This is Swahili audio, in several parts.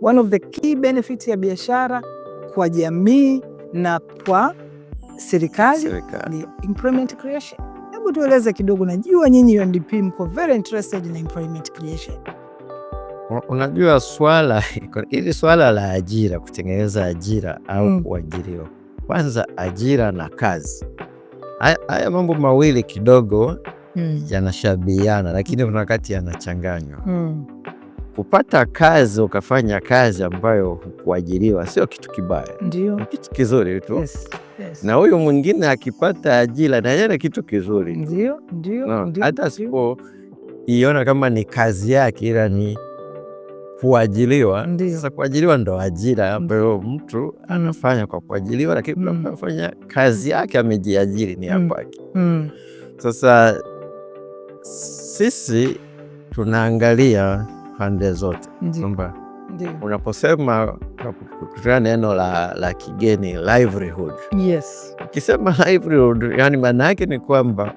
one of the key benefits ya biashara kwa jamii na kwa serikali ni employment creation. Hebu tueleze kidogo, najua nyinyi UNDP mko very interested in employment creation. Unajua swala hili swala la ajira, kutengeneza ajira au mm. kuajiriwa, kwanza ajira na kazi, haya mambo mawili kidogo mm. yanashabiana, lakini kuna wakati yanachanganywa mm kupata kazi ukafanya kazi ambayo hukuajiriwa sio kitu kibaya, ndio kitu kizuri tu. Yes, yes. Na huyu mwingine akipata ajira na ni kitu kizuri, ndio ndio no, hata iona kama ni kazi yake, ila ni kuajiriwa. Sasa kuajiriwa ndo ajira ambayo mtu anafanya kwa kuajiriwa, lakini mm. anafanya kazi yake, amejiajiri ni mm. mm. Sasa sisi tunaangalia pande zote kwamba unaposema kutumia neno la, la kigeni livelihood. Yes. Ukisema livelihood, yani maana yake ni kwamba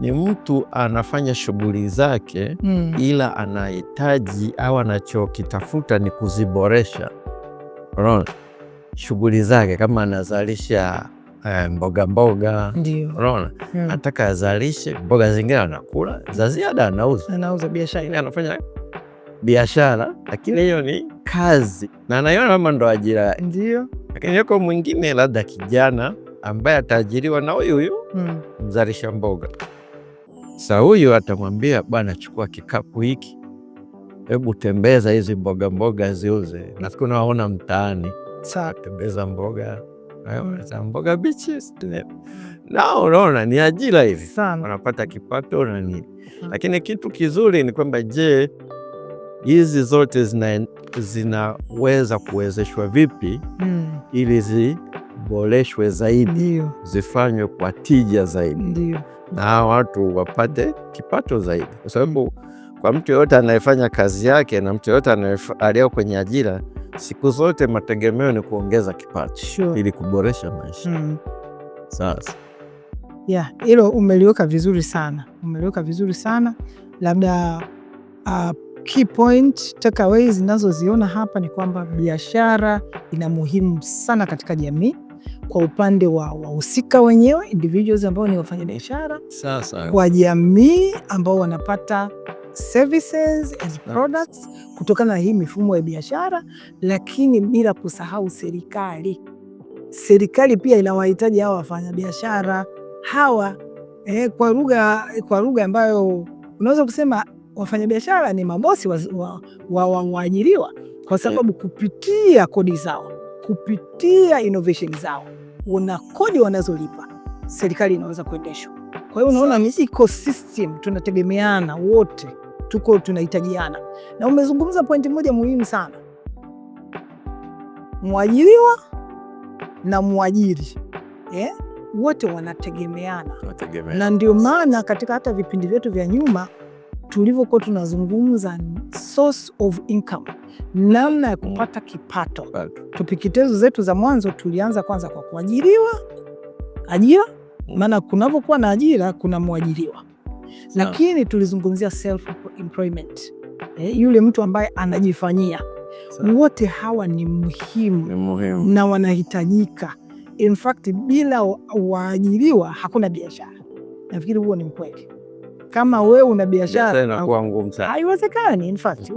ni mtu anafanya shughuli zake mm. ila anahitaji au anachokitafuta ni kuziboresha unaona shughuli zake, kama anazalisha eh, mboga mboga, unaona mm. anataka azalishe mboga zingine, anakula za ziada, anauza anauza biashara, anafanya biashara, lakini hiyo ni kazi na anaiona kama ndo ajira ndio. Lakini yuko mwingine labda kijana ambaye ataajiriwa na huyu huyu hmm, mzalisha mboga. Sa huyu atamwambia bwana, chukua kikapu hiki, hebu tembeza hizi mboga mboga ziuze, na unawaona mtaani tembeza mboga mboga bichi nao, unaona ni ajira hivi, wanapata kipato na nini. Hmm. Lakini kitu kizuri ni kwamba je hizi zote zina, zinaweza kuwezeshwa vipi mm. ili ziboreshwe zaidi Ndiyo. zifanywe kwa tija zaidi Ndiyo. na watu wapate kipato zaidi kwa sababu hmm. kwa mtu yoyote anayefanya kazi yake na mtu yoyote aliyo kwenye ajira, siku zote mategemeo ni kuongeza kipato sure. ili kuboresha maisha mm. Sasa yeah, hilo umeliweka vizuri sana, umeliweka vizuri sana labda uh, key point takeaways zinazoziona hapa ni kwamba biashara ina muhimu sana katika jamii kwa upande wa wahusika wenyewe individuals ambao ni wafanyabiashara, kwa jamii ambao wanapata services and products kutokana na hii mifumo ya biashara, lakini bila kusahau serikali. Serikali pia inawahitaji hawa wafanyabiashara hawa eh, kwa lugha kwa lugha ambayo unaweza kusema wafanyabiashara ni mabosi wa waajiriwa wa, wa, kwa mm. sababu kupitia kodi zao, kupitia innovation zao una kodi wanazolipa serikali inaweza kuendeshwa. Kwa hiyo unaona ni ecosystem, tunategemeana wote, tuko tunahitajiana. Na umezungumza pointi moja muhimu sana, mwajiriwa na mwajiri yeah? wote wanategemeana, na ndio maana katika hata vipindi vyetu vya nyuma tulivyokuwa tunazungumza source of income, namna ya kupata kipato. Tupikitezo zetu za mwanzo tulianza kwanza kwa kuajiriwa, ajira, maana kunavyokuwa na ajira kuna mwajiriwa, lakini tulizungumzia self employment, eh, yule mtu ambaye anajifanyia. Wote hawa ni muhimu, ni muhimu na wanahitajika. In fact, bila waajiriwa hakuna biashara. Nafikiri huo ni mkweli kama wewe una biashara inakuwa ngumu sana, haiwezekani. In fact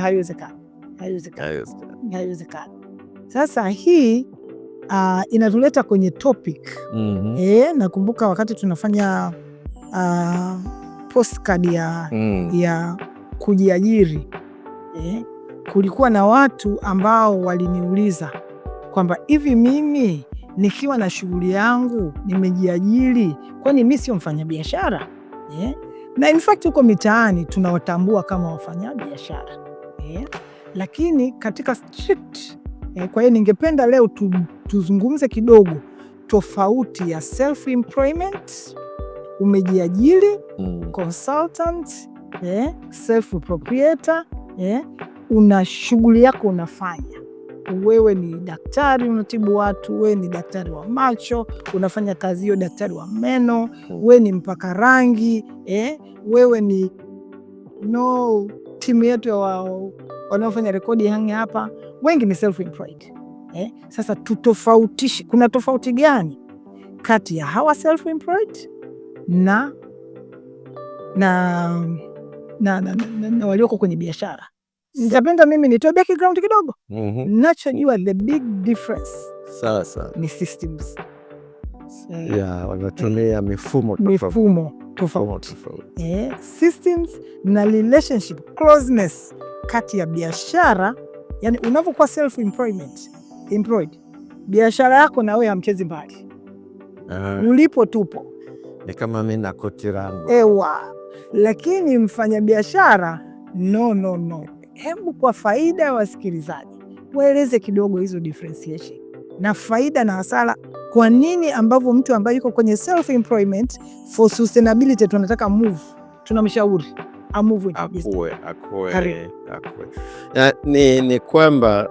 haiwezekani, haiwezekani. Sasa hii uh, inatuleta kwenye topic mm -hmm. E, nakumbuka wakati tunafanya uh, postcard ya, mm. ya kujiajiri e, kulikuwa na watu ambao waliniuliza kwamba hivi mimi nikiwa na shughuli yangu nimejiajiri, kwani mi sio mfanyabiashara? yeah. Na in fact huko mitaani tunawatambua kama wafanyabiashara yeah. Lakini katika strict eh, kwa hiyo ningependa leo tu, tuzungumze kidogo tofauti ya self employment umejiajiri, mm. consultant yeah, self proprietor yeah, una shughuli yako unafanya wewe ni daktari unatibu watu, wewe ni daktari wa macho unafanya kazi hiyo, daktari wa meno, wewe ni mpaka rangi eh, wewe ni no. Timu yetu ya wanaofanya rekodi hangi hapa wengi ni self employed eh. Sasa tutofautishe, kuna tofauti gani kati ya hawa self employed na na, na, na, na, na, na walioko kwenye biashara nitapenda mimi nitoe background kidogo mm -hmm. Nachojua the big difference sawa sawa ni systems yeah, wanatumia mifumo mifumo tofauti yeah, systems na relationship closeness kati ya biashara, yani unavyokuwa self employment employed, biashara yako na wewe hamchezi mbali uh, ulipo tupo, ni kama mimi na koti langu ewa, lakini mfanyabiashara no, no, no hebu kwa faida ya wasikilizaji waeleze kidogo hizo differentiation na faida na hasara, kwa nini ambavyo mtu ambaye yuko kwenye self employment for sustainability tunataka move, tunamshauri amove akue, akue, akue. Na, ni, ni kwamba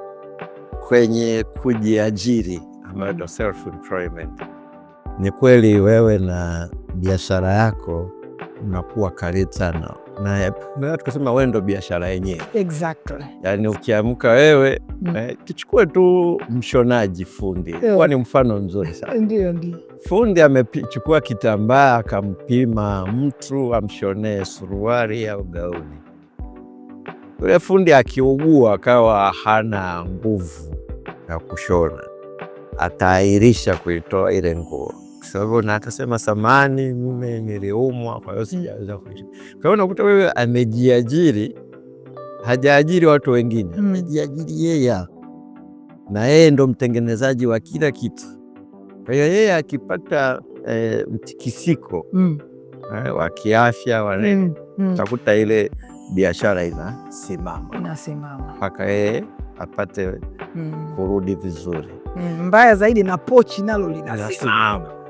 kwenye kujiajiri ambayo ndo self employment ni kweli wewe na biashara yako unakuwa karitana na tukasema wewe ndo biashara yenyewe exactly. Yani ukiamka wewe mm. Eh, tuchukue tu mshonaji fundi kuwa ni mfano mzuri sana ndio, ndio. Fundi amechukua kitambaa akampima mtu amshonee suruari au gauni. Yule fundi akiugua akawa hana nguvu ya kushona, ataahirisha kuitoa ile nguo kwa sababu natasema samani, mume niliumwa, kwa hiyo mm. sijaweza kuishi. Kwa hiyo unakuta wewe amejiajiri, hajaajiri watu wengine, mm. amejiajiri yeye, na yeye ndo mtengenezaji wa kila kitu. Kwa hiyo yeye akipata e, mtikisiko mm. Eh, wa kiafya wale mm. mm. takuta ile biashara inasimama inasimama mpaka yeye apate mm. kurudi mm. vizuri. Mm, mbaya zaidi na pochi nalo linasimama.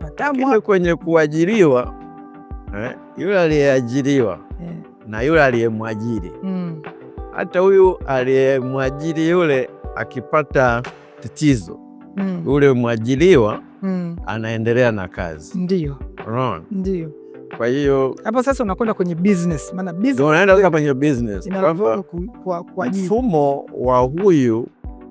Lakini yaani kwenye kuajiriwa eh, yule aliyeajiriwa yeah, na yule aliyemwajiri mm, hata huyu aliyemwajiri yule akipata tatizo mm, yule mwajiriwa mm, anaendelea na kazi. Ndio, ndio. Kwa hiyo hapo sasa unakwenda kwenye business, maana business unaenda kwenye business. Mfumo wa huyu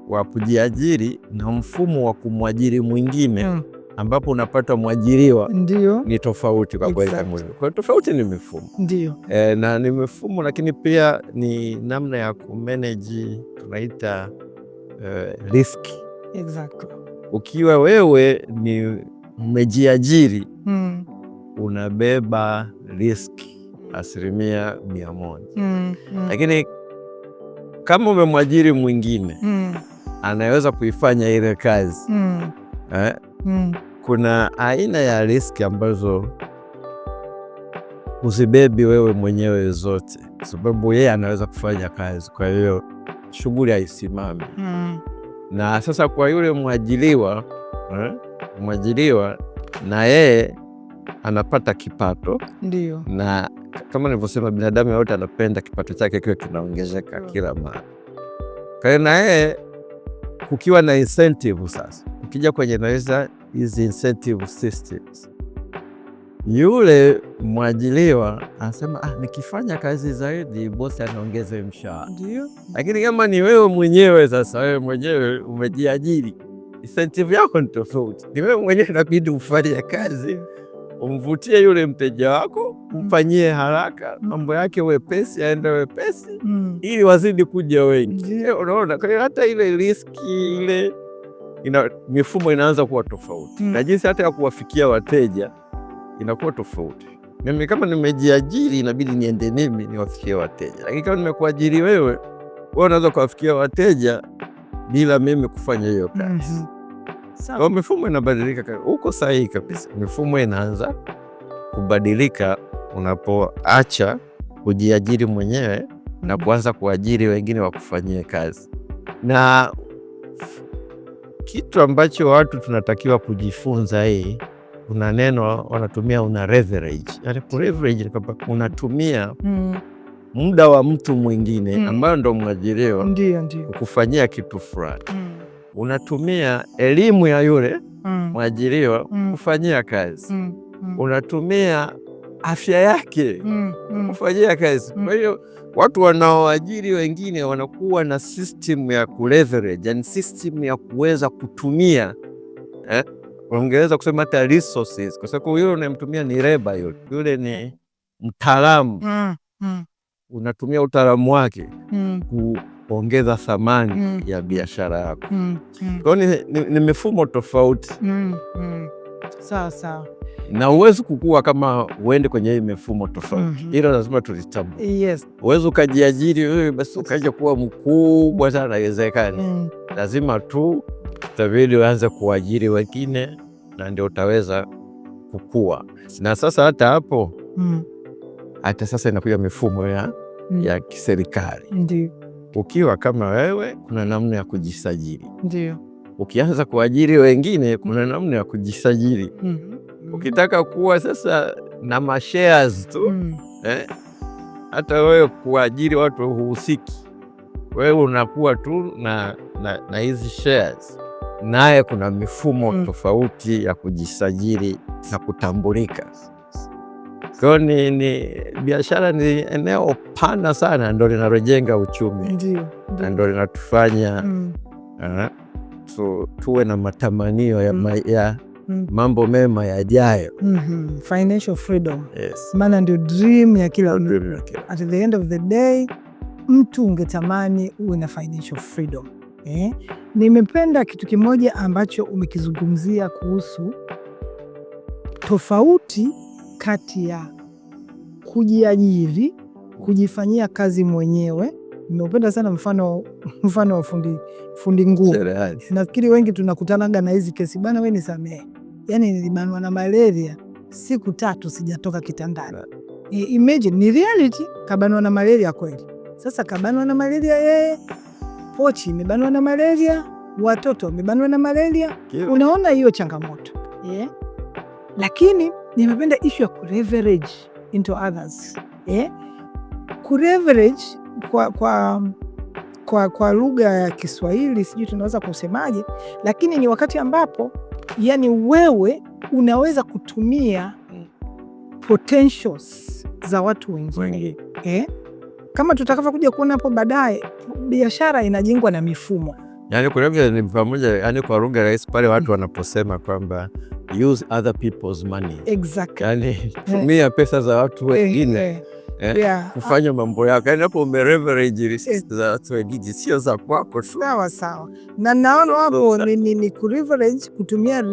wa kujiajiri na mfumo wa kumwajiri mwingine mm ambapo unapata mwajiriwa ndio ni tofauti kwa kweli exactly. Kwa tofauti ni mifumo ndio e, na ni mifumo lakini pia ni namna ya kumeneji tunaita uh, risk. exactly. Ukiwa wewe ni mmejiajiri mm. unabeba risk asilimia mia moja mm, mm. lakini kama umemwajiri mwingine mm. anaweza kuifanya ile kazi mm. eh? Hmm. Kuna aina ya riski ambazo uzibebi wewe mwenyewe zote, sababu yeye anaweza kufanya kazi, kwa hiyo shughuli haisimami mm. Na sasa kwa yule mwajiliwa eh, mwajiliwa na yeye anapata kipato ndio, na kama nilivyosema, binadamu yote anapenda kipato chake kiwe kinaongezeka kila mara. Kwa hiyo na yeye kukiwa na incentive sasa Ukija kwenye naweza hizi incentive systems, yule mwajiliwa anasema ah, nikifanya kazi zaidi bosi anaongeze mshahara. Ndio, lakini kama ni wewe mwenyewe sasa, wewe mwenyewe umejiajiri, incentive yako ni tofauti. Ni wewe mwenyewe inabidi ufanye kazi umvutie yule mteja wako, mfanyie haraka mambo yake wepesi, aende wepesi mm, ili wazidi kuja wengi. Unaona, kwa hiyo hata ile riski ile ina, mifumo inaanza kuwa tofauti mm. na jinsi hata ya kuwafikia wateja inakuwa tofauti. Mimi kama nimejiajiri, inabidi niende mimi niwafikie wateja, lakini kama nimekuajiri wewe, wewe unaweza kuwafikia wateja bila mimi kufanya hiyo kazi mm -hmm. mifumo inabadilika huko, sahihi kabisa. Mifumo inaanza kubadilika unapoacha kujiajiri mwenyewe na mm. kuanza kuajiri wengine wakufanyie kazi na kitu ambacho watu tunatakiwa kujifunza hii, kuna neno wanatumia una leverage. Yaani kwamba unatumia mm. muda wa mtu mwingine mm. ambayo ndo mwajiriwa kufanyia kitu fulani mm. unatumia elimu ya yule mm. mwajiriwa mm. kufanyia kazi mm. Mm. unatumia afya yake mm. Mm. kufanyia kazi kwa mm. hiyo watu wanaoajiri wengine wanakuwa na system ya kuleverage, and system ya kuweza kutumia eh? Ungeweza kusema hata resources, kwa sababu yule unayemtumia ni reba, yule yule ni mtaalamu mm, mm. Unatumia utaalamu wake mm. kuongeza thamani mm. ya biashara yako mm, mm. Kwa hiyo ni, ni, ni mifumo tofauti mm, mm sawa sawa, na uwezi kukua kama uende kwenye hii mifumo tofauti. mm Hilo lazima tulitambua. Yes. Uwezi ukajiajiri wewe basi ukaja kuwa mkubwa sana, haiwezekani. mm. Lazima tu tabidi uanze kuajiri wengine na ndio utaweza kukua. Na sasa hata hapo mm. hata sasa inakuja mifumo ya, mm. ya kiserikali. Ndio ukiwa kama wewe kuna namna ya kujisajili, ndio ukianza kuajiri wengine, kuna namna ya kujisajili. mm -hmm. Ukitaka kuwa sasa na mashares tu mm -hmm. eh? hata wewe kuajiri watu huhusiki, wewe unakuwa tu na hizi shares, naye kuna mifumo mm tofauti ya kujisajili na kutambulika. Kwa ni, ni biashara ni eneo pana sana, ndo linalojenga uchumi na ndo linatufanya mm. Eh, tu, tuwe na matamanio ya, mm ma, ya mm mambo mema yajayo. mm -hmm. yes. Maana ndio dream ya kila At the end of the day mtu ungetamani uwe na financial freedom eh? Nimependa kitu kimoja ambacho umekizungumzia kuhusu tofauti kati ya kujiajiri, kujifanyia kazi mwenyewe. Nimeupenda sana mfano, mfano wa fundi fundi nguo. Nafikiri wengi tunakutanaga na hizi kesi bana, we nisamehe, yani nilibanwa na malaria siku tatu sijatoka kitandani. E, imagine ni reality, kabanwa na malaria kweli. Sasa kabanwa na malaria yeye, eh, pochi imebanwa na malaria, watoto wamebanwa na malaria. Unaona hiyo changamoto yeah. Lakini nimependa ishu ya kuleverage into others yeah. kwa, kwa kwa, kwa lugha ya Kiswahili sijui tunaweza kusemaje, lakini ni wakati ambapo yani wewe unaweza kutumia potentials za watu wengine eh? Kama kuja kuona hapo baadaye, biashara inajengwa na mifumo yani, kuna ni pamoja yani, kwa lugha rahisi pale watu wanaposema kwamba use other people's money exactly, yani eh. tumia pesa za watu eh, wengine eh eh, yeah. Kufanya mambo yako yani, hapo umereverage eh. za watu wengine, sio za kwako tu. Sawa sawa, na naona hapo ni ni kureverage kutumia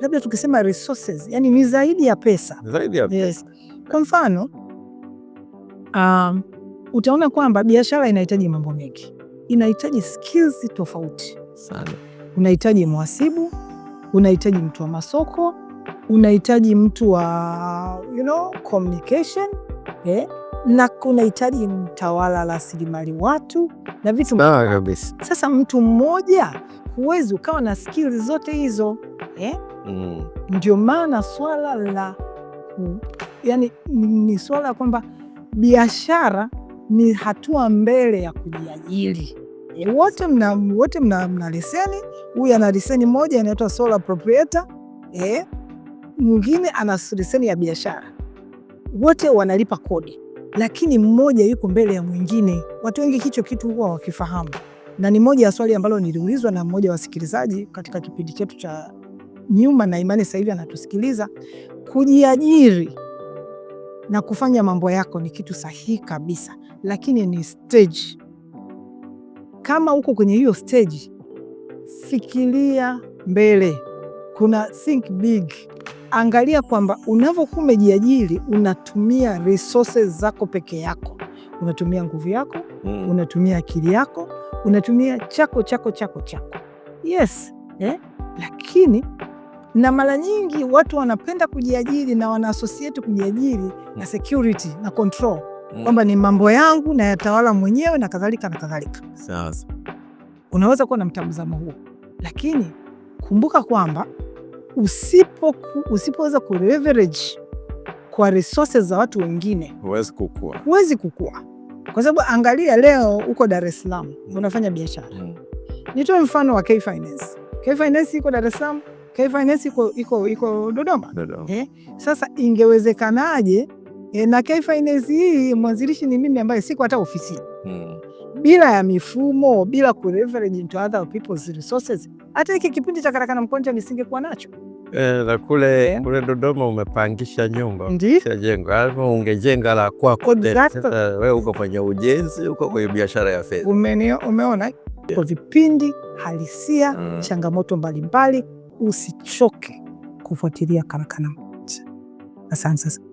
labda tukisema resources, yani ni zaidi ya pesa, zaidi ya pesa. Yes. Kwa mfano um, utaona kwamba biashara inahitaji mambo mengi, inahitaji skills tofauti sana. Unahitaji mhasibu, unahitaji mtu wa masoko, unahitaji mtu wa you know, communication eh, na kunahitaji mtawala, rasilimali watu na vitu kabisa. Sasa mtu mmoja huwezi ukawa na skills zote hizo eh? Mm. Ndio maana swala la yani ni swala kwamba biashara ni hatua mbele ya kujiajiri. E, wote mna, wote mna, mna leseni. Huyu ana leseni moja inaitwa sole proprietor eh? Mwingine ana leseni ya biashara wote wanalipa kodi, lakini mmoja yuko mbele ya mwingine. Watu wengi hicho kitu huwa wakifahamu, na ni moja ya swali ambalo niliulizwa na mmoja wa wasikilizaji katika kipindi chetu cha nyuma, na imani sasa hivi anatusikiliza. Kujiajiri na kufanya mambo yako ni kitu sahihi kabisa, lakini ni stage. Kama uko kwenye hiyo stage, fikiria mbele, kuna think big angalia kwamba unavyokuwa umejiajiri unatumia resources zako peke yako, unatumia nguvu yako mm. unatumia akili yako, unatumia chako chako chako chako, yes eh? Lakini na mara nyingi watu wanapenda kujiajiri na wanaasosieti kujiajiri mm. na security na control mm. kwamba ni mambo yangu na yatawala mwenyewe na kadhalika na kadhalika. Sasa unaweza kuwa na mtazamo huo, lakini kumbuka kwamba usipoweza ku kuleverage kwa resources za watu wengine huwezi kukua, huwezi kukua kwa sababu angalia, leo uko Dar es Salaam unafanya biashara mm. Nitoe mfano wa K Finance. K Finance iko Dar es Salaam, K Finance iko iko iko Dodoma Dodoma. eh? Sasa ingewezekanaje eh, na K Finance hii mwanzilishi ni mimi ambaye siko hata ofisi mm. Bila ya mifumo, bila ku leverage into other people's resources, hata hiki kipindi cha Karakana Mkonja nisingekuwa nacho. Eh, na kule eh? kule Dodoma umepangisha nyumba jengo, ungejenga la kwako. Wewe uko kwenye ujenzi, uko kwenye biashara ya fedha. Umeona kwa Vipindi halisia mm. Changamoto mbalimbali, usichoke kufuatilia Karakana Asante sana.